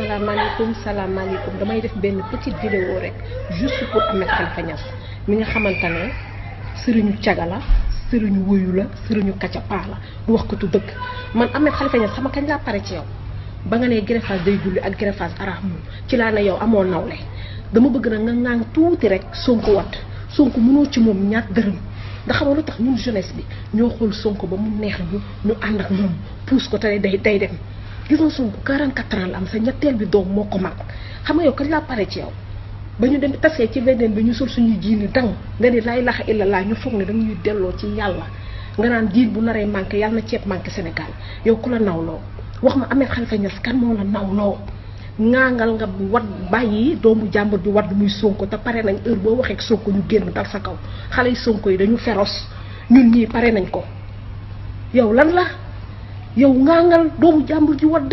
salaamaaleykum salaamaaleykum damay def benn petite vidéo rek juste pour amee Khalifa Niass mi nga xamante ne sëriñu caga la sëriñu wuyu la sëriñu kacapaa la du wax ko tu dëkk man amee Khalifa Niass sama kañ laa pare ci yow ba nga ne greffage day julli ak greffage araam moom ci laa ne yow amoo nawle dama bëgg na nga ŋaang tuuti rek Sonko wat Sonko mënoo ci moom ñaar dërëm ndax xam nga tax ñun jeunesse bi ñoo xool Sonko ba mu neex ñu ñu ànd ak moom puus ko te day gis na Sonko 44 ans la am sa ñetteel bi doom moo ko mag xam nga yow kañ laa pare ci yow ba ñu dem tasee ci beneen bi ñu sol suñuy jiini dang nga ni laay laxa illa laa ñu foog ne dañuy delloo ci yàlla nga naan jiin bu naree manqué yàlla na ceeb manqué Sénégal yow ku la nawloo wax ma Ahmed fa Niass kan moo la nawloo ngaangal nga bu wat bàyyi doomu jàmbur bi wadd muy Sonko te pare nañ heure boo waxee Sonko ñu génn dal sa kaw xale yi Sonko yi dañu féroce ñun ñii pare nañ ko yow ngaangal doomu jàmbur ji wadd